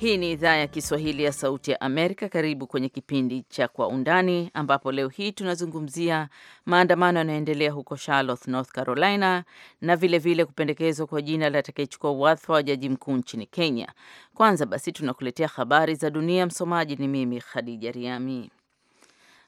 Hii ni idhaa ya Kiswahili ya Sauti ya Amerika. Karibu kwenye kipindi cha Kwa Undani, ambapo leo hii tunazungumzia maandamano yanayoendelea huko Charlotte, North Carolina, na vilevile kupendekezwa kwa jina la atakayechukua wadhifa wa jaji mkuu nchini Kenya. Kwanza basi, tunakuletea habari za dunia. Msomaji ni mimi Khadija Riami.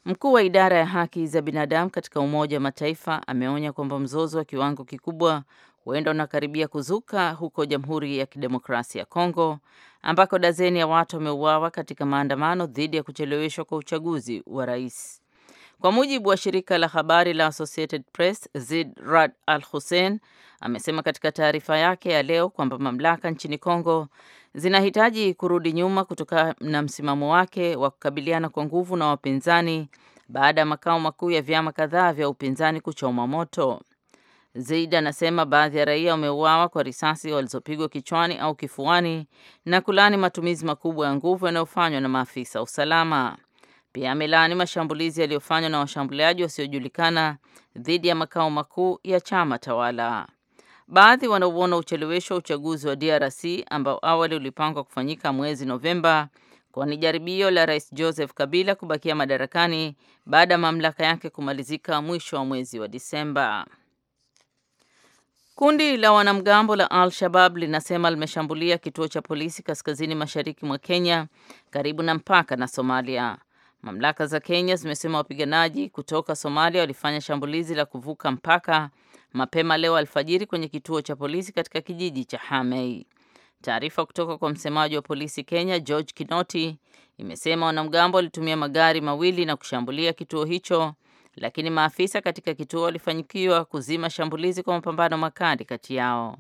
Mkuu wa idara ya haki za binadamu katika Umoja wa Mataifa ameonya kwamba mzozo wa kiwango kikubwa huenda unakaribia kuzuka huko Jamhuri ya Kidemokrasia ya Kongo ambako dazeni ya watu wameuawa katika maandamano dhidi ya kucheleweshwa kwa uchaguzi wa rais. Kwa mujibu wa shirika la habari la Associated Press, Zid Rad Al Hussein amesema katika taarifa yake ya leo kwamba mamlaka nchini Kongo zinahitaji kurudi nyuma kutokana na msimamo wake wa kukabiliana kwa nguvu na wapinzani baada ya makao makuu ya vyama kadhaa vya upinzani kuchoma moto. Zeid anasema baadhi ya raia wameuawa kwa risasi walizopigwa kichwani au kifuani na kulaani matumizi makubwa ya nguvu yanayofanywa na maafisa usalama. Pia amelaani mashambulizi yaliyofanywa na washambuliaji wasiojulikana dhidi ya makao makuu ya chama tawala. Baadhi wanauona uchelewesho wa uchaguzi wa DRC ambao awali ulipangwa kufanyika mwezi Novemba kwa ni jaribio la Rais Joseph Kabila kubakia madarakani baada ya mamlaka yake kumalizika mwisho wa mwezi wa Disemba. Kundi la wanamgambo la Al-Shabab linasema limeshambulia kituo cha polisi kaskazini mashariki mwa Kenya karibu na mpaka na Somalia. Mamlaka za Kenya zimesema wapiganaji kutoka Somalia walifanya shambulizi la kuvuka mpaka mapema leo alfajiri kwenye kituo cha polisi katika kijiji cha Hamei. Taarifa kutoka kwa msemaji wa polisi Kenya George Kinoti imesema wanamgambo walitumia magari mawili na kushambulia kituo hicho lakini maafisa katika kituo walifanikiwa kuzima shambulizi kwa mapambano makali kati yao.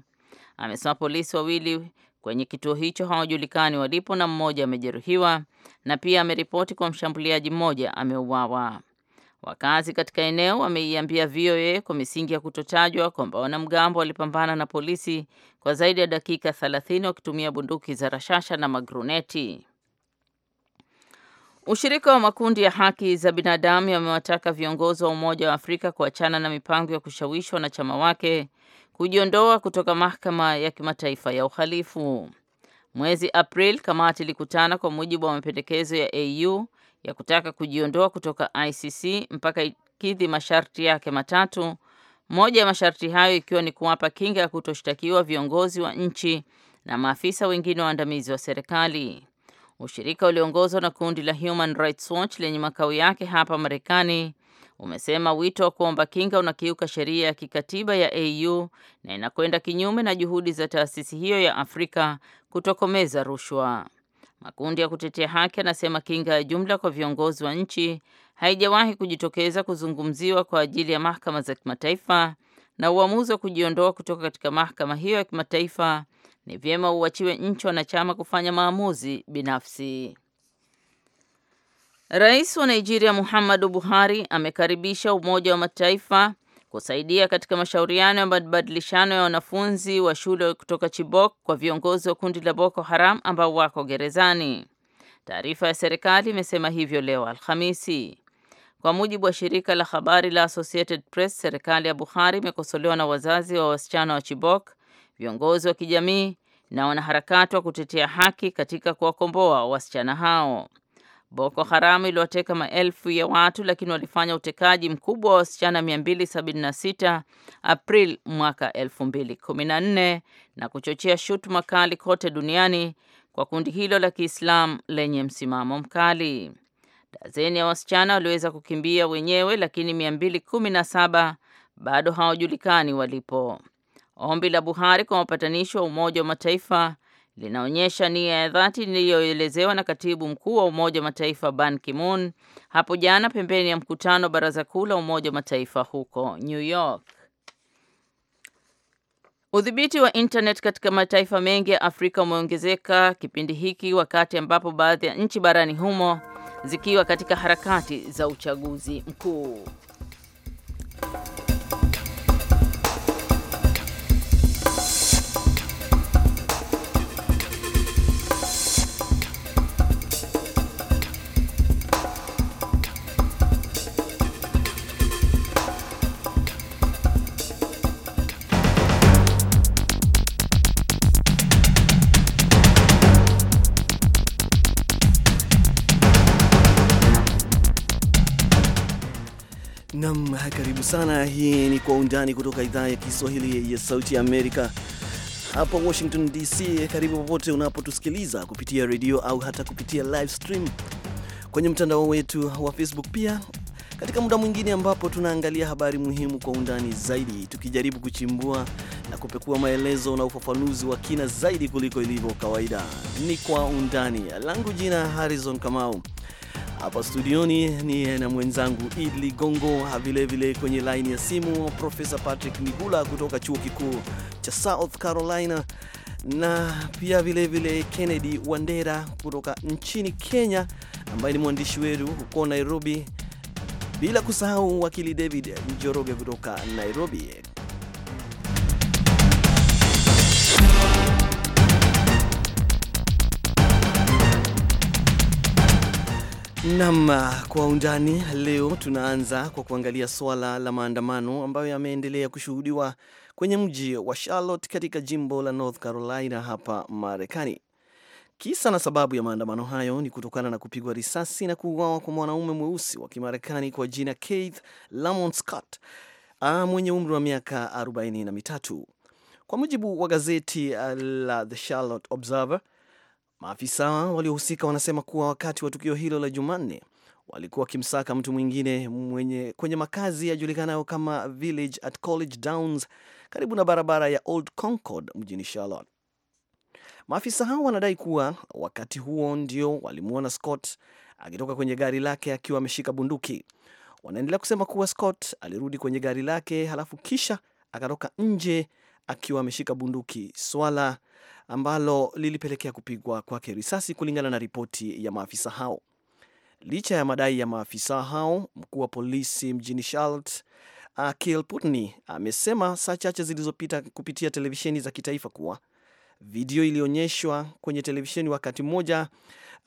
Amesema polisi wawili kwenye kituo hicho hawajulikani walipo na mmoja amejeruhiwa na pia ameripoti kwa mshambuliaji mmoja ameuawa. Wakazi katika eneo wameiambia VOA kwa misingi ya kutotajwa kwamba wanamgambo walipambana na polisi kwa zaidi ya dakika 30 wakitumia bunduki za rashasha na magruneti. Ushirika wa makundi ya haki za binadamu yamewataka viongozi wa Umoja wa Afrika kuachana na mipango ya kushawishi wanachama wake kujiondoa kutoka Mahakama ya Kimataifa ya Uhalifu. Mwezi Aprili, kamati ilikutana kwa mujibu wa mapendekezo ya AU ya kutaka kujiondoa kutoka ICC mpaka ikidhi masharti yake matatu, moja ya masharti hayo ikiwa ni kuwapa kinga ya kutoshtakiwa viongozi wa nchi na maafisa wengine waandamizi wa serikali. Ushirika ulioongozwa na kundi la Human Rights Watch lenye makao yake hapa Marekani umesema wito wa kuomba kinga unakiuka sheria ya kikatiba ya AU na inakwenda kinyume na juhudi za taasisi hiyo ya Afrika kutokomeza rushwa. Makundi ya kutetea haki yanasema kinga ya jumla kwa viongozi wa nchi haijawahi kujitokeza kuzungumziwa kwa ajili ya mahakama za kimataifa na uamuzi wa kujiondoa kutoka katika mahakama hiyo ya kimataifa ni vyema uachiwe nchi wanachama kufanya maamuzi binafsi. Rais wa Nigeria Muhammadu Buhari amekaribisha Umoja wa Mataifa kusaidia katika mashauriano ya mabadilishano ya wanafunzi wa shule kutoka Chibok kwa viongozi wa kundi la Boko Haram ambao wako gerezani. Taarifa ya serikali imesema hivyo leo Alhamisi. Kwa mujibu wa shirika la habari la Associated Press, serikali ya Buhari imekosolewa na wazazi wa wasichana wa Chibok viongozi wa kijamii na wanaharakati wa kutetea haki katika kuwakomboa wasichana hao. Boko Haram iliwateka maelfu ya watu lakini walifanya utekaji mkubwa wa wasichana 276 April mwaka 2014 na kuchochea shutuma kali kote duniani kwa kundi hilo la Kiislamu lenye msimamo mkali. Dazeni ya wasichana waliweza kukimbia wenyewe, lakini 217 bado hawajulikani walipo. Ombi la Buhari kwa wapatanishi wa Umoja wa Mataifa linaonyesha nia ya dhati iliyoelezewa na katibu mkuu wa Umoja wa Mataifa Ban Ki-moon hapo jana pembeni ya mkutano wa Baraza Kuu la Umoja wa Mataifa huko New York. Udhibiti wa internet katika mataifa mengi ya Afrika umeongezeka kipindi hiki wakati ambapo baadhi ya nchi barani humo zikiwa katika harakati za uchaguzi mkuu. sana. Hii ni Kwa Undani kutoka idhaa ya Kiswahili ya Sauti ya Amerika hapa Washington DC. Karibu popote unapotusikiliza kupitia redio au hata kupitia live stream kwenye mtandao wetu wa Facebook, pia katika muda mwingine ambapo tunaangalia habari muhimu kwa undani zaidi, tukijaribu kuchimbua na kupekua maelezo na ufafanuzi wa kina zaidi kuliko ilivyo kawaida. Ni Kwa Undani, langu jina Harrison Kamau. Hapa studioni ni na mwenzangu Id Ligongo, vilevile kwenye laini ya simu Profesa Patrick Nigula kutoka chuo kikuu cha South Carolina, na pia vilevile Kennedy Wandera kutoka nchini Kenya, ambaye ni mwandishi wetu huko Nairobi, bila kusahau wakili David Njoroge kutoka Nairobi. Nam kwa undani leo, tunaanza kwa kuangalia swala la maandamano ambayo yameendelea kushuhudiwa kwenye mji wa Charlotte katika jimbo la North Carolina hapa Marekani. Kisa na sababu ya maandamano hayo ni kutokana na kupigwa risasi na kuuawa kwa mwanaume mweusi wa Kimarekani kwa jina Keith Lamont Scott mwenye umri wa miaka 43 mitatu, kwa mujibu wa gazeti la The Charlotte Observer. Maafisa waliohusika wanasema kuwa wakati wa tukio hilo la Jumanne walikuwa wakimsaka mtu mwingine mwenye kwenye makazi yajulikanayo kama Village at College Downs karibu na barabara ya Old Concord mjini Charlotte. Maafisa hao wanadai kuwa wakati huo ndio walimwona Scott akitoka kwenye gari lake akiwa ameshika bunduki. Wanaendelea kusema kuwa Scott alirudi kwenye gari lake halafu kisha akatoka nje akiwa ameshika bunduki, swala ambalo lilipelekea kupigwa kwake risasi kulingana na ripoti ya maafisa hao. Licha ya madai ya maafisa hao, mkuu wa polisi mjini Charlotte Akil uh, Putni amesema saa chache zilizopita kupitia televisheni za kitaifa kuwa video ilionyeshwa kwenye televisheni wakati mmoja,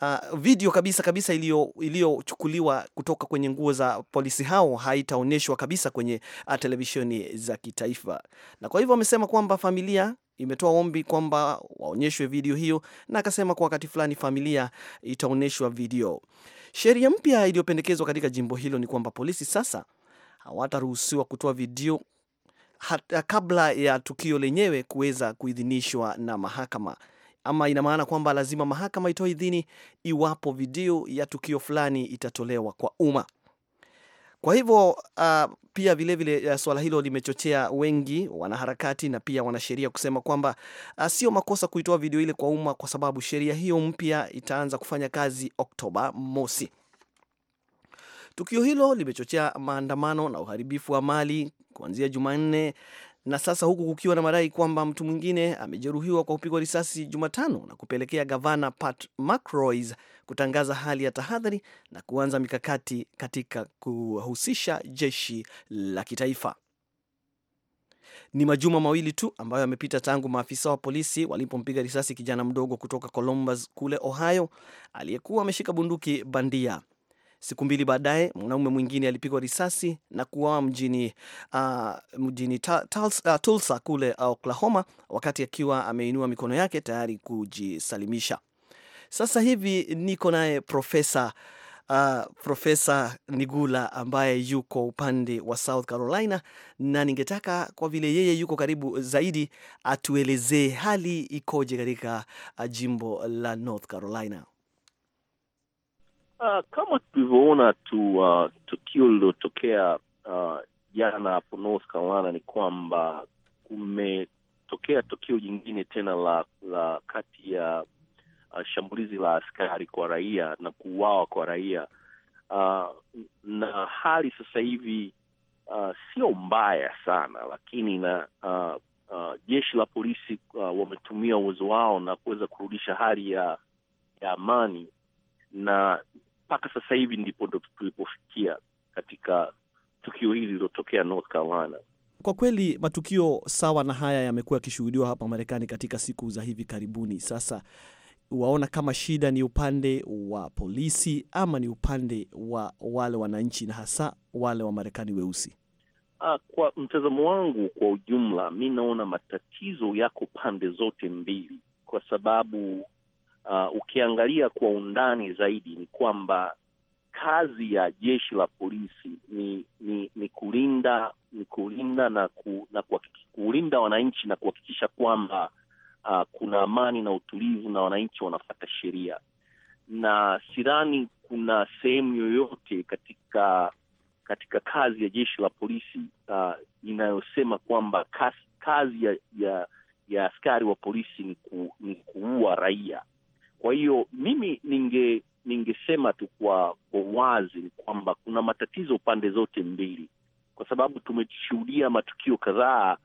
uh, video kabisa kabisa iliyochukuliwa kutoka kwenye nguo za polisi hao haitaonyeshwa kabisa kwenye uh, televisheni za kitaifa, na kwa hivyo amesema kwamba familia imetoa ombi kwamba waonyeshwe video hiyo, na akasema kwa wakati fulani familia itaonyeshwa video. Sheria mpya iliyopendekezwa katika jimbo hilo ni kwamba polisi sasa hawataruhusiwa kutoa video hata kabla ya tukio lenyewe kuweza kuidhinishwa na mahakama. Ama ina maana kwamba lazima mahakama itoe idhini iwapo video ya tukio fulani itatolewa kwa umma. Kwa hivyo uh, pia vilevile vile, uh, swala hilo limechochea wengi wanaharakati na pia wanasheria kusema kwamba uh, sio makosa kuitoa video ile kwa umma kwa sababu sheria hiyo mpya itaanza kufanya kazi Oktoba mosi. Tukio hilo limechochea maandamano na uharibifu wa mali kuanzia Jumanne na sasa huku kukiwa na madai kwamba mtu mwingine amejeruhiwa kwa kupigwa risasi Jumatano na kupelekea gavana Pat McCrory kutangaza hali ya tahadhari na kuanza mikakati katika kuhusisha jeshi la kitaifa. Ni majuma mawili tu ambayo yamepita tangu maafisa wa polisi walipompiga risasi kijana mdogo kutoka Columbus kule Ohio aliyekuwa ameshika bunduki bandia. Siku mbili baadaye mwanaume mwingine alipigwa risasi na kuuawa mjini, uh, mjini ah, Tulsa kule Oklahoma wakati akiwa ameinua mikono yake tayari kujisalimisha. Sasa hivi niko naye profesa Uh, Profesa Nigula ambaye yuko upande wa South Carolina, na ningetaka kwa vile yeye yuko karibu zaidi atuelezee hali ikoje katika uh, jimbo la North Carolina. Uh, kama tulivyoona tu uh, tukio lililotokea uh, jana uh, hapo North Carolina ni kwamba kumetokea tukio jingine tena la, la kati ya uh, shambulizi la askari kwa raia na kuuawa kwa raia uh, na hali sasa hivi uh, sio mbaya sana, lakini na uh, uh, jeshi la polisi uh, wametumia uwezo wao na kuweza kurudisha hali ya ya amani, na mpaka sasa hivi ndipo ndo tulipofikia katika tukio hili lililotokea North Carolina. Kwa kweli matukio sawa na haya yamekuwa yakishuhudiwa hapa Marekani katika siku za hivi karibuni. Sasa waona kama shida ni upande wa polisi ama ni upande wa wale wananchi na hasa wale wa Marekani weusi? Ah, kwa mtazamo wangu kwa ujumla, mi naona matatizo yako pande zote mbili, kwa sababu uh, ukiangalia kwa undani zaidi ni kwamba kazi ya jeshi la polisi ni ni ni kulinda ni kulinda na ku, na kulinda wananchi na kuhakikisha kwamba uh, kuna amani na utulivu na wananchi wanafata sheria, na sidhani kuna sehemu yoyote katika katika kazi ya jeshi la polisi uh, inayosema kwamba kazi ya, ya, ya askari wa polisi ni, ku, ni kuua raia. Kwa hiyo mimi ninge ningesema tu kwa wazi ni kwamba kuna matatizo pande zote mbili, kwa sababu tumeshuhudia matukio kadhaa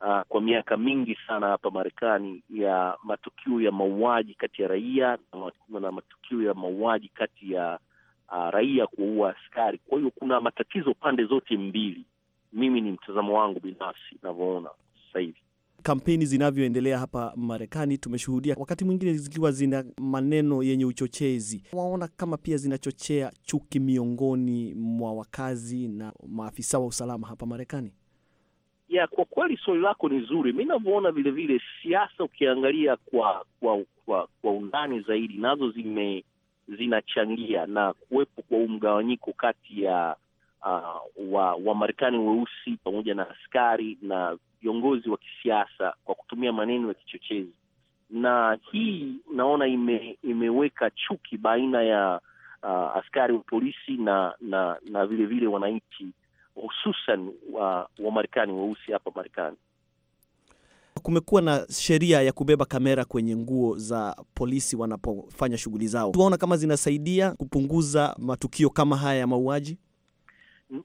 uh, kwa miaka mingi sana hapa Marekani ya matukio ya mauaji kati ya raia na matukio ya mauaji kati ya uh, raia kuua askari. Kwa hiyo kuna matatizo pande zote mbili. Mimi ni mtazamo wangu binafsi navyoona sasa hivi kampeni zinavyoendelea hapa Marekani, tumeshuhudia wakati mwingine zikiwa zina maneno yenye uchochezi. Waona kama pia zinachochea chuki miongoni mwa wakazi na maafisa wa usalama hapa Marekani ya kwa kweli swali lako ni zuri. Mi navyoona vilevile, siasa ukiangalia kwa kwa kwa kwa undani zaidi, nazo zime zinachangia na kuwepo kwa huu mgawanyiko kati ya uh, wa Wamarekani weusi pamoja na askari na viongozi wa kisiasa kwa kutumia maneno ya kichochezi, na hii naona ime, imeweka chuki baina ya uh, askari wa polisi na na na vilevile wananchi hususan wa, wa Marekani weusi hapa Marekani. Kumekuwa na sheria ya kubeba kamera kwenye nguo za polisi wanapofanya shughuli zao. Tunaona kama zinasaidia kupunguza matukio kama haya ya mauaji.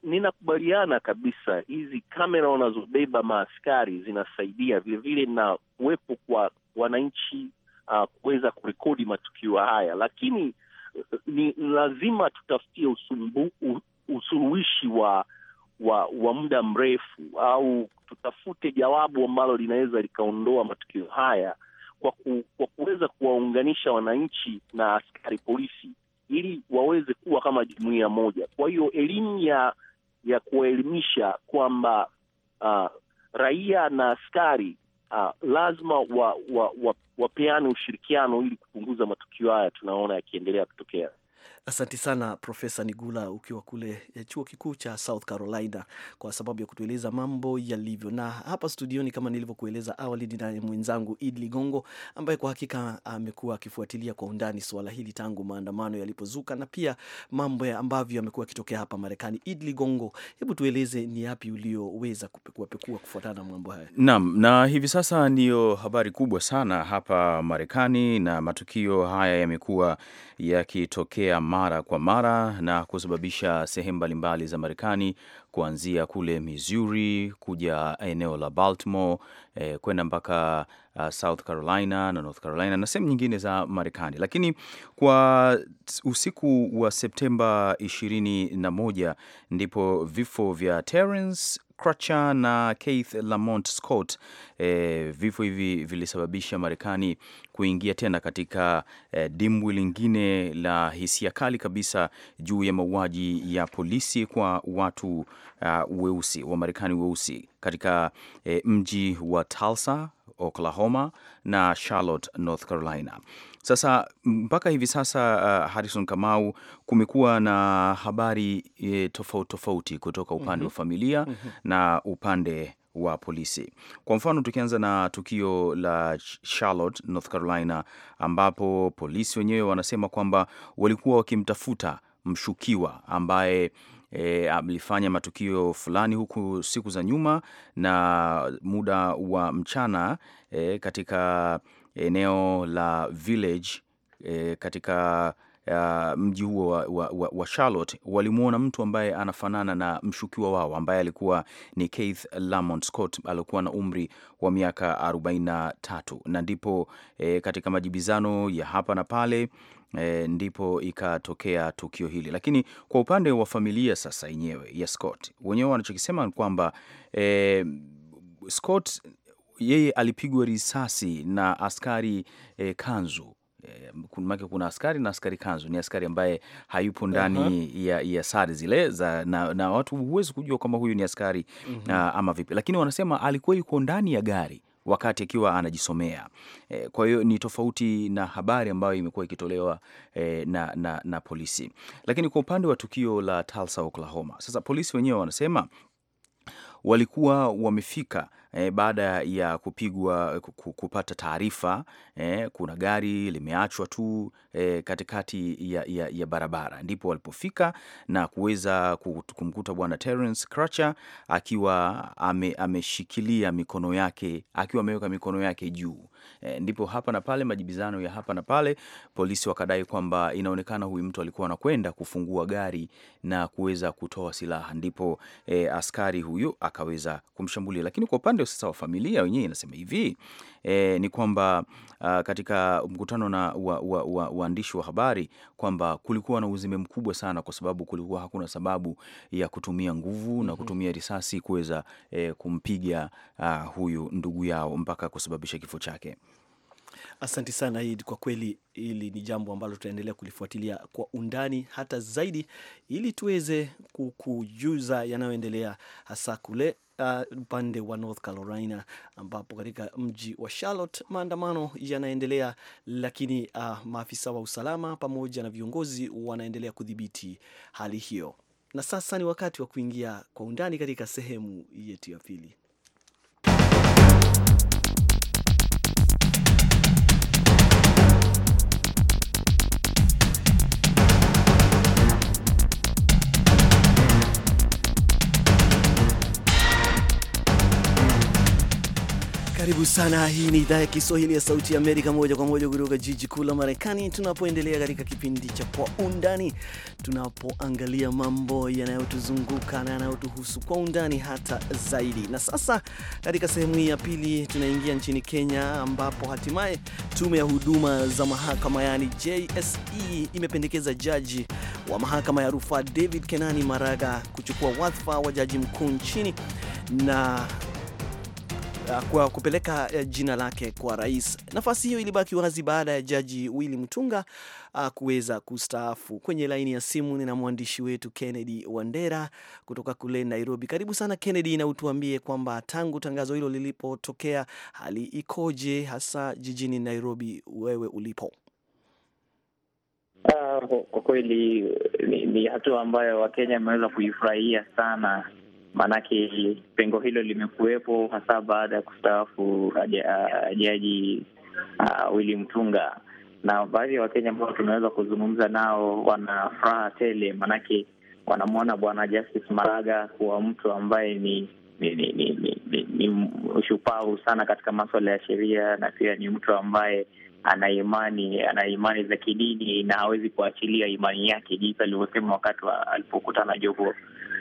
Ninakubaliana kabisa, hizi kamera wanazobeba maaskari zinasaidia vilevile na kuwepo kwa wananchi uh, kuweza kurekodi matukio haya, lakini eh, ni lazima tutafutie usuluhishi wa wa wa muda mrefu, au tutafute jawabu ambalo linaweza likaondoa matukio haya kwa, ku, kwa kuweza kuwaunganisha wananchi na askari polisi ili waweze kuwa kama jumuia moja. Kwa hiyo elimu ya ya kuwaelimisha kwamba uh, raia na askari uh, lazima wa, wa, wa, wapeane ushirikiano ili kupunguza matukio haya tunaona yakiendelea kutokea. Asante sana Profesa Nigula ukiwa kule eh, chuo kikuu cha South Carolina kwa sababu ya kutueleza mambo yalivyo. Na hapa studioni, kama nilivyokueleza awali, ninaye mwenzangu Id Ligongo ambaye kwa hakika amekuwa akifuatilia kwa undani suala hili tangu maandamano yalipozuka na pia mambo ya ambavyo yamekuwa akitokea hapa Marekani. Id Ligongo, hebu tueleze ni yapi ulioweza kupekuapekua kufuatana na mambo haya? Naam, na hivi sasa ndiyo habari kubwa sana hapa Marekani na matukio haya yamekuwa yakitokea mara kwa mara na kusababisha sehemu mbalimbali za Marekani kuanzia kule Missouri kuja eneo la Baltimore eh, kwenda mpaka uh, South Carolina na North Carolina na sehemu nyingine za Marekani. Lakini kwa usiku wa Septemba 21 ndipo vifo vya Terence Crutcher na Keith Lamont Scott. E, vifo hivi vilisababisha Marekani kuingia tena katika e, dimbwi lingine la hisia kali kabisa juu ya mauaji ya polisi kwa watu uh, weusi wa Marekani weusi katika e, mji wa Tulsa, Oklahoma na Charlotte, North Carolina. Sasa mpaka hivi sasa uh, Harrison Kamau, kumekuwa na habari e, tofauti tofauti kutoka upande mm -hmm. wa familia mm -hmm. na upande wa polisi. Kwa mfano, tukianza na tukio la Charlotte, North Carolina, ambapo polisi wenyewe wanasema kwamba walikuwa wakimtafuta mshukiwa ambaye E, alifanya matukio fulani huku siku za nyuma na muda wa mchana e, katika eneo la Village e, katika Uh, mji huo wa, wa, wa Charlotte walimwona mtu ambaye anafanana na mshukiwa wao ambaye alikuwa ni Keith Lamont Scott, alikuwa na umri wa miaka 43, na ndipo e, katika majibizano ya hapa na pale E, ndipo ikatokea tukio hili. Lakini kwa upande wa familia sasa yenyewe ya Scott wenyewe wanachokisema ni kwamba e, Scott yeye alipigwa risasi na askari eh, kanzu eh, make kuna askari na askari kanzu, ni askari ambaye hayupo ndani uh -huh. ya, ya sare zile za, na, na watu huwezi kujua kwamba huyu ni askari uh mhm. ah, -huh. ama vipi, lakini wanasema alikuwa yuko ndani ya gari wakati akiwa anajisomea. E, kwa hiyo ni tofauti na habari ambayo imekuwa ikitolewa e, na, na, na polisi. Lakini kwa upande wa tukio la Tulsa, Oklahoma, sasa polisi wenyewe wanasema walikuwa wamefika e, baada ya kupigwa kupata taarifa e, kuna gari limeachwa tu e, katikati ya, ya, ya barabara, ndipo walipofika na kuweza kumkuta bwana Terence Cratcher akiwa ame, ameshikilia mikono yake akiwa ameweka mikono yake juu e, ndipo hapa na pale majibizano ya hapa na pale, polisi wakadai kwamba inaonekana huyu mtu alikuwa anakwenda kufungua gari na kuweza kutoa silaha, ndipo e, askari huyu akaweza kumshambulia, lakini kwa upande upande sasa wa familia wenyewe inasema hivi e, ni kwamba uh, katika mkutano na waandishi wa, wa, wa habari kwamba kulikuwa na uzime mkubwa sana, kwa sababu kulikuwa hakuna sababu ya kutumia nguvu mm -hmm. na mhm. kutumia risasi kuweza e, kumpiga uh, huyu ndugu yao mpaka kusababisha kifo chake. asanti sana Id, kwa kweli hili ni jambo ambalo tutaendelea kulifuatilia kwa undani hata zaidi, ili tuweze kukujuza yanayoendelea hasa kule Uh, upande uh, wa North Carolina ambapo katika mji wa Charlotte maandamano yanaendelea, lakini uh, maafisa wa usalama pamoja na viongozi wanaendelea kudhibiti hali hiyo. Na sasa ni wakati wa kuingia kwa undani katika sehemu yetu ya pili. Karibu sana. Hii ni idhaa ya Kiswahili ya Sauti ya Amerika, moja kwa moja kutoka jiji kuu la Marekani, tunapoendelea katika kipindi cha Kwa Undani, tunapoangalia mambo yanayotuzunguka na yanayotuhusu kwa undani hata zaidi. Na sasa katika sehemu hii ya pili tunaingia nchini Kenya, ambapo hatimaye tume ya huduma za mahakama yaani JSE imependekeza jaji wa mahakama ya rufaa David Kenani Maraga kuchukua wadhifa wa jaji mkuu nchini na Eh, kwa kupeleka eh, jina lake kwa rais. Nafasi hiyo ilibaki wazi baada ya Jaji Willy Mutunga ah, kuweza kustaafu. Kwenye laini ya simu nina mwandishi wetu Kennedy Wandera kutoka kule Nairobi. Karibu sana Kennedy, na utuambie kwamba tangu tangazo hilo lilipotokea hali ikoje, hasa jijini Nairobi wewe ulipo? Ah, kwa kweli ni, ni hatua ambayo Wakenya wameweza kuifurahia sana maanake pengo hilo limekuwepo hasa baada ya kustaafu Jaji uh, Willy Mutunga, na baadhi ya Wakenya ambao tunaweza kuzungumza nao wana furaha tele, maanake wanamwona Bwana Justice Maraga kuwa mtu ambaye ni ni ni, ni, ni, ni, ni ushupavu sana katika maswala ya sheria na pia ni mtu ambaye ana imani ana imani za kidini na hawezi kuachilia imani yake, jinsi alivyosema wakati alipokutana jopo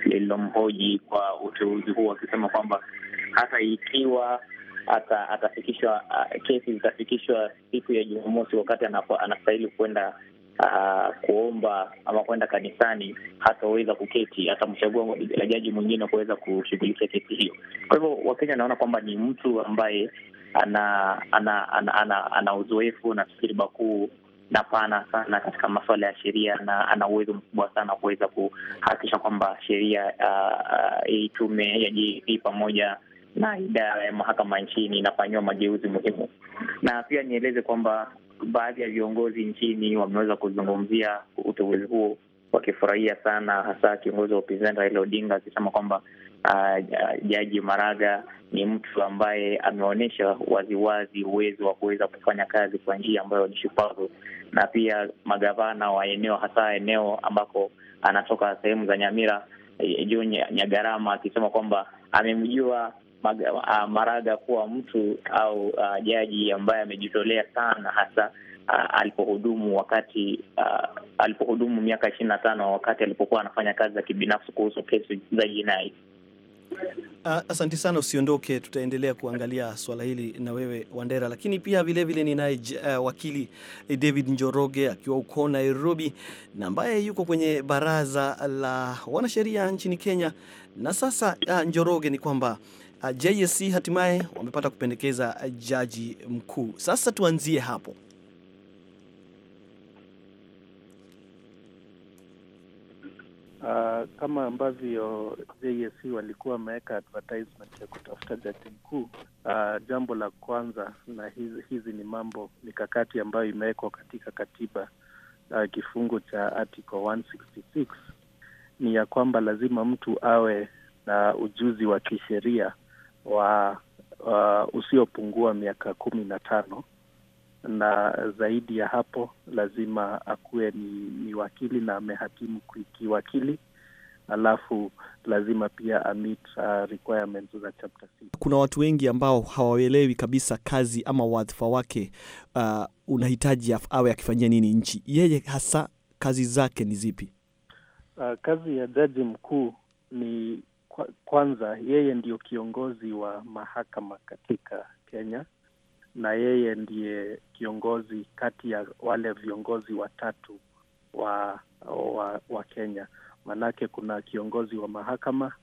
lililomhoji kwa uteuzi huo, wakisema kwamba hata ikiwa ata atafikishwa uh, kesi zitafikishwa siku ya Jumamosi wakati anastahili kwenda uh, kuomba ama kwenda kanisani, hataweza kuketi, atamchagua la jaji mwingine kuweza kushughulikia kesi hiyo. Kwa hivyo Wakenya wanaona kwamba ni mtu ambaye ana ana ana ana, ana uzoefu na fikiri kuu na pana sana katika masuala ya sheria, na ana uwezo mkubwa sana kuweza kuhakikisha kwamba sheria hii uh, uh, tume ya JP e pamoja na idara ya mahakama nchini inafanyiwa mageuzi muhimu. Na pia nieleze kwamba baadhi ya viongozi nchini wameweza kuzungumzia uteuzi huo wakifurahia sana, hasa kiongozi wa upinzani Raila Odinga akisema kwamba uh, Jaji Maraga ni mtu ambaye ameonyesha waziwazi uwezo wa kuweza kufanya kazi kwa njia ambayo ni shupavu na pia magavana wa eneo hasa eneo ambako anatoka sehemu za Nyamira eh, juu Nyagarama, akisema kwamba amemjua ah, Maraga kuwa mtu au uh, jaji ambaye amejitolea sana hasa uh, alipohudumu wakati uh, alipohudumu miaka ishirini na tano wakati alipokuwa anafanya kazi za kibinafsi kuhusu kesi za jinai. Ah, asante sana, usiondoke, tutaendelea kuangalia swala hili na wewe Wandera, lakini pia vilevile ninaye uh, wakili eh, David Njoroge akiwa uko Nairobi na ambaye yuko kwenye baraza la wanasheria nchini Kenya. Na sasa uh, Njoroge, ni kwamba uh, JSC hatimaye wamepata kupendekeza jaji mkuu. Sasa tuanzie hapo, uh, kama ambavyo JSC walikuwa wameweka advertisement ya kutafuta jaji mkuu. Uh, jambo la kwanza na hizi, hizi ni mambo mikakati ambayo imewekwa katika katiba uh, kifungu cha article 166 ni ya kwamba lazima mtu awe na ujuzi wa kisheria wa uh, usiopungua miaka kumi na tano na zaidi ya hapo lazima akuwe ni, ni wakili na amehakimu kiwakili alafu lazima pia amit uh, requirements za chapter Kuna watu wengi ambao hawaelewi kabisa kazi ama wadhifa wake, uh, unahitaji awe akifanyia nini nchi. Yeye hasa kazi zake ni zipi? Uh, kazi ya jaji mkuu ni kwanza, yeye ndio kiongozi wa mahakama katika Kenya na yeye ndiye kiongozi kati ya wale viongozi watatu wa, wa, wa Kenya. Maanake kuna kiongozi wa mahakama,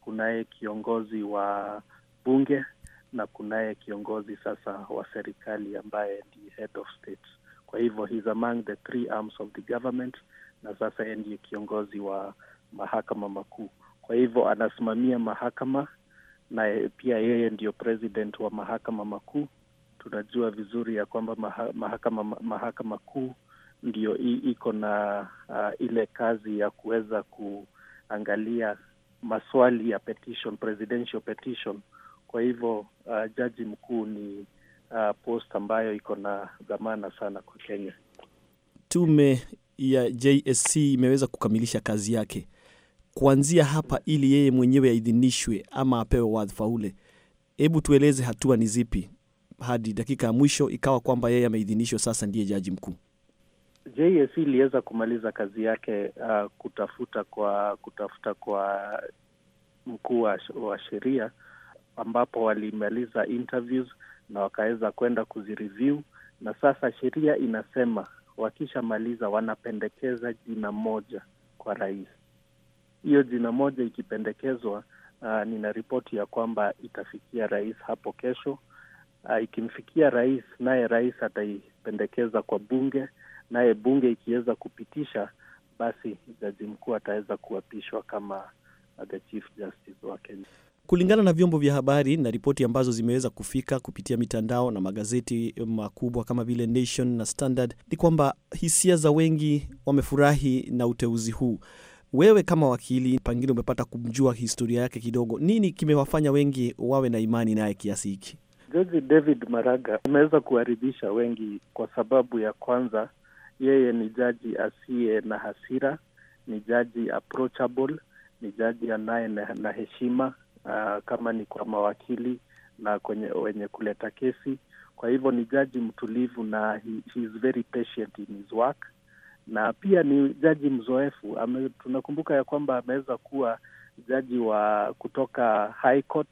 kunaye kiongozi wa bunge na kunaye kiongozi sasa wa serikali ambaye ndiye head of state. Kwa hivyo he's among the three arms of the government, na sasa yeye ndiye kiongozi wa mahakama makuu. Kwa hivyo anasimamia mahakama na pia yeye ndiyo president wa mahakama makuu tunajua vizuri ya kwamba maha, mahakama mahakama kuu ndio iko na uh, ile kazi ya kuweza kuangalia maswali ya petition, presidential petition. Kwa hivyo uh, jaji mkuu ni uh, post ambayo iko na dhamana sana kwa Kenya. Tume ya JSC imeweza kukamilisha kazi yake kuanzia hapa, ili yeye mwenyewe aidhinishwe ama apewe wadhifa ule. Hebu tueleze hatua ni zipi hadi dakika ya mwisho ikawa kwamba yeye ameidhinishwa, sasa ndiye jaji mkuu. JSC iliweza kumaliza kazi yake uh, kutafuta kwa kutafuta kwa mkuu wa sheria ambapo walimaliza interviews na wakaweza kwenda kuzireview, na sasa sheria inasema wakishamaliza wanapendekeza jina moja kwa rais. Hiyo jina moja ikipendekezwa, uh, nina ripoti ya kwamba itafikia rais hapo kesho, uh, ikimfikia rais, naye rais ataipendekeza kwa bunge, naye bunge ikiweza kupitisha, basi jaji mkuu ataweza kuapishwa kama ah, the chief justice wa Kenya. Kulingana na vyombo vya habari na ripoti ambazo zimeweza kufika kupitia mitandao na magazeti makubwa kama vile Nation na Standard, ni kwamba hisia za wengi wamefurahi na uteuzi huu. Wewe kama wakili, pengine umepata kumjua historia yake kidogo, nini kimewafanya wengi wawe na imani naye kiasi hiki? Jaji David Maraga ameweza kuwaridhisha wengi kwa sababu ya kwanza, yeye ni jaji asiye na hasira, ni jaji approachable, ni jaji anaye na heshima uh, kama ni kwa mawakili na kwenye wenye kuleta kesi. Kwa hivyo ni jaji mtulivu na he, he is very patient in his work, na pia ni jaji mzoefu. Ame, tunakumbuka ya kwamba ameweza kuwa jaji wa kutoka High Court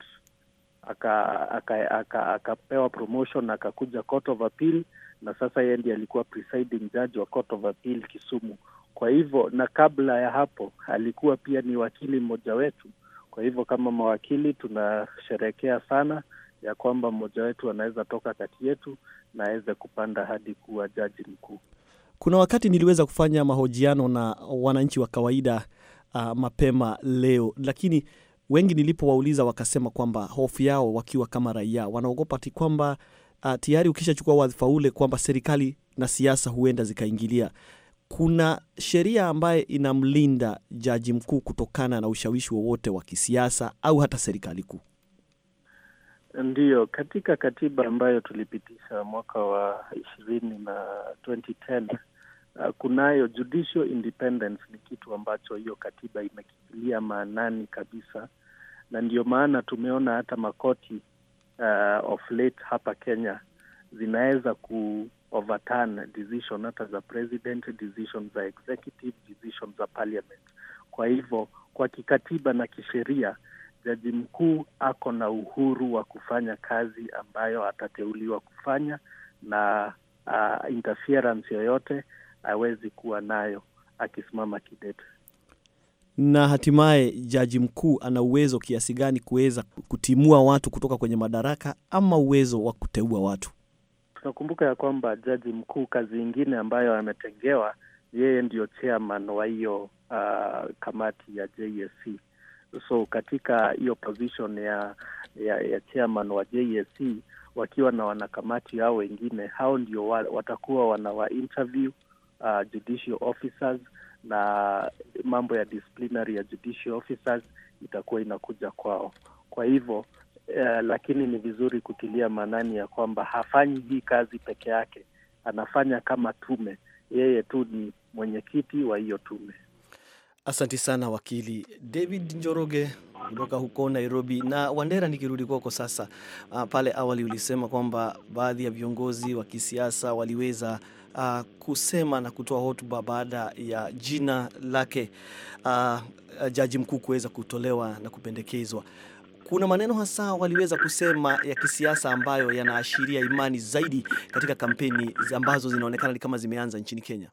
akapewa aka, aka, aka promotion akakuja court of appeal, na sasa yeye ndiye alikuwa presiding judge wa court of appeal Kisumu. Kwa hivyo na kabla ya hapo alikuwa pia ni wakili mmoja wetu. Kwa hivyo kama mawakili tunasherekea sana ya kwamba mmoja wetu anaweza toka kati yetu na aweze kupanda hadi kuwa jaji mkuu. Kuna wakati niliweza kufanya mahojiano na wananchi wa kawaida uh, mapema leo, lakini wengi nilipowauliza wakasema kwamba hofu yao wakiwa kama raia wanaogopa ti kwamba uh, tayari ukishachukua wadhifa ule kwamba serikali na siasa huenda zikaingilia. Kuna sheria ambaye inamlinda jaji mkuu kutokana na ushawishi wowote wa kisiasa au hata serikali kuu? Ndiyo, katika katiba ambayo tulipitisha mwaka wa ishirini na 2010 uh, kunayo judicial independence. Ni kitu ambacho hiyo katiba imekitilia maanani kabisa, na ndio maana tumeona hata makoti uh, of late hapa Kenya zinaweza ku overturn decision hata za president, decision za executive, decision za parliament. Kwa hivyo kwa kikatiba na kisheria jaji mkuu ako na uhuru wa kufanya kazi ambayo atateuliwa kufanya na uh, interference yoyote hawezi kuwa nayo akisimama kidete. Na hatimaye jaji mkuu ana uwezo kiasi gani kuweza kutimua watu kutoka kwenye madaraka ama uwezo wa kuteua watu? Tunakumbuka ya kwamba jaji mkuu kazi ingine ambayo ametengewa, yeye ndiyo chairman wa hiyo uh, kamati ya JSC. So katika hiyo position ya, ya, ya chairman wa JSC wakiwa na wanakamati hao wengine, hao ndio watakuwa wana interview uh, judicial officers na mambo ya disciplinary ya judicial officers itakuwa inakuja kwao. Kwa hivyo uh, lakini ni vizuri kutilia maanani ya kwamba hafanyi hii kazi peke yake, anafanya kama tume. Yeye tu ni mwenyekiti wa hiyo tume. Asanti sana wakili David Njoroge kutoka huko Nairobi. Na Wandera, nikirudi kwako sasa, uh, pale awali ulisema kwamba baadhi ya viongozi wa kisiasa waliweza uh, kusema na kutoa hotuba baada ya jina lake uh, jaji mkuu kuweza kutolewa na kupendekezwa. Kuna maneno hasa waliweza kusema ya kisiasa ambayo yanaashiria imani zaidi katika kampeni ambazo zinaonekana ni kama zimeanza nchini Kenya.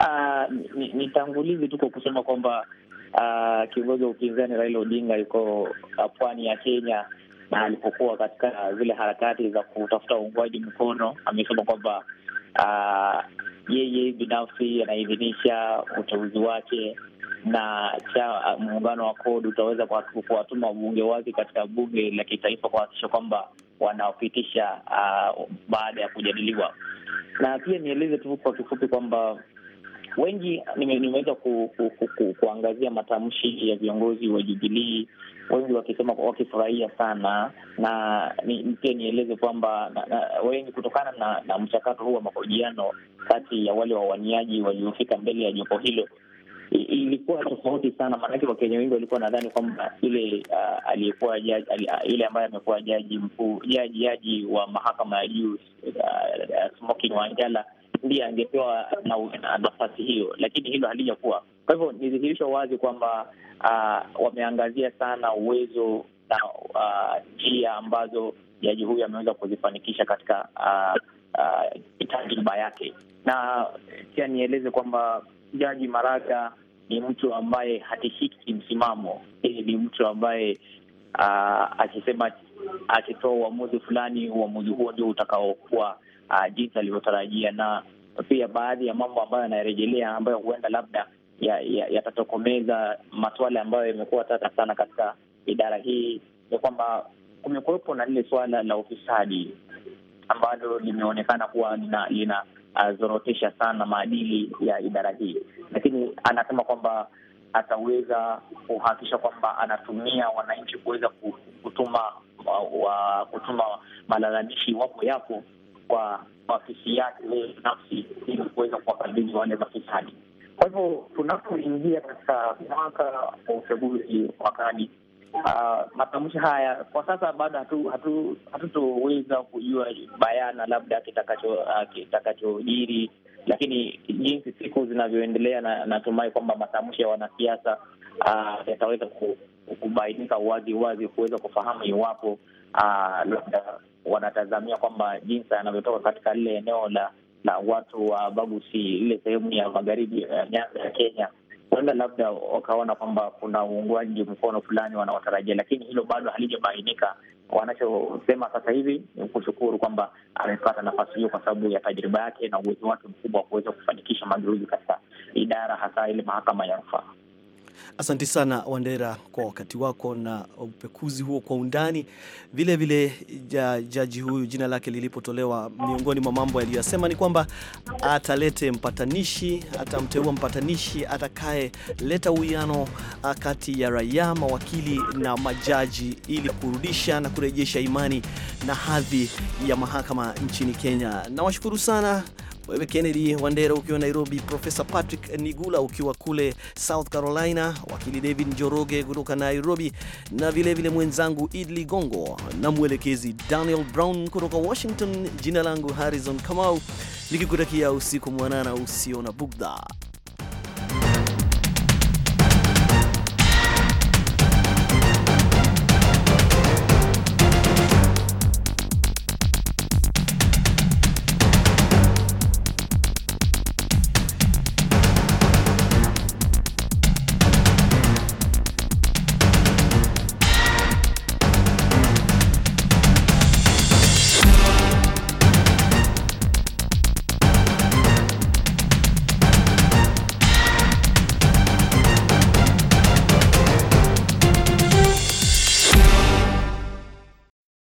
Ah, Nitangulizi tu kwa kusema kwamba uh, kiongozi wa upinzani Raila Odinga yuko ah, pwani ya Kenya na alipokuwa katika zile harakati za kutafuta uungwaji mkono, amesema kwamba uh, yeye binafsi anaidhinisha uteuzi wake na cha muungano wa CORD utaweza kuwatuma wabunge wake katika bunge la kitaifa kuhakikisha kwamba wanaopitisha uh, baada ya kujadiliwa. Na pia nieleze tu kwa kifupi kwamba wengi nimeweza ku, ku, ku, ku, kuangazia matamshi ya viongozi wa Jubilii, wengi wakisema wakifurahia sana, na pia nieleze kwamba wengi kutokana na, na mchakato huu wa mahojiano kati ya wale wawaniaji waliofika mbele ya jopo hilo ilikuwa tofauti sana, maanake Wakenya wengi walikuwa nadhani kwamba yule uh, aliyekuwa jaji uh, yule ambaye amekuwa jaji mkuu jaji jaji wa mahakama ya juu uh, Smokin Wanjala ndiye angepewa nafasi hiyo, lakini hilo halijakuwa. Kwa hivyo ni dhihirisho wazi kwamba uh, wameangazia sana uwezo na ah, njia uh, ambazo jaji huyu ameweza kuzifanikisha katika uh, uh, tajriba yake, na pia nieleze kwamba Jaji Maraga ni mtu ambaye hatishiki kimsimamo Hii ni mtu ambaye uh, akisema akitoa uamuzi fulani, uamuzi huo ndio utakaokuwa uh, jinsi alivyotarajia, na pia baadhi ya mambo ambayo yanarejelea ambayo huenda labda yatatokomeza ya, ya masuala ambayo yamekuwa tata sana katika idara hii ni kwamba kumekuwepo na lile suala la ufisadi ambalo limeonekana kuwa lina, lina ah, sana maadili ya idara hii, lakini anasema kwamba ataweza kuhakikisha kwamba anatumia wananchi kuweza kutuma kutuma malalamishi iwapo yapo kwa ofisi yake binafsi ili kuweza kuwakabili wale mafisadi. Kwa hivyo tunapoingia katika mwaka wa uchaguzi mwakani, uh, ah, matamshi haya kwa sasa bado hatutoweza hatu, hatu kujua bayana labda ah, kitakachojiri uh, lakini jinsi siku zinavyoendelea, na natumai kwamba matamshi ya wanasiasa uh, yataweza kubainika wazi wazi kuweza kufahamu iwapo uh, labda wanatazamia kwamba jinsi anavyotoka katika lile eneo la la watu wa Bagusi, ile sehemu ya magharibi ya eh, nyanza ya Kenya, huenda labda wakaona kwamba kuna uungwaji mkono fulani wanaotarajia, lakini hilo bado halijabainika. Wanachosema sasa hivi ni kushukuru kwamba amepata nafasi hiyo kwa sababu ya tajriba yake na uwezo wake mkubwa wa kuweza kufanikisha mageuzi katika idara, hasa ile mahakama ya rufaa. Asante sana Wandera kwa wakati wako na upekuzi huo kwa undani. Vile vile ja, jaji huyu jina lake lilipotolewa, miongoni mwa mambo yaliyosema ni kwamba atalete mpatanishi, atamteua mpatanishi atakayeleta uwiano ah, kati ya raia, mawakili na majaji ili kurudisha na kurejesha imani na hadhi ya mahakama nchini Kenya. Nawashukuru sana wewe Kennedy Wandera ukiwa Nairobi, Profesa Patrick Nigula ukiwa kule South Carolina, wakili David Njoroge kutoka Nairobi, na vilevile vile mwenzangu Id Ligongo na mwelekezi Daniel Brown kutoka Washington. Jina langu Harrison Kamau nikikutakia usiku mwanana usio na bugdha.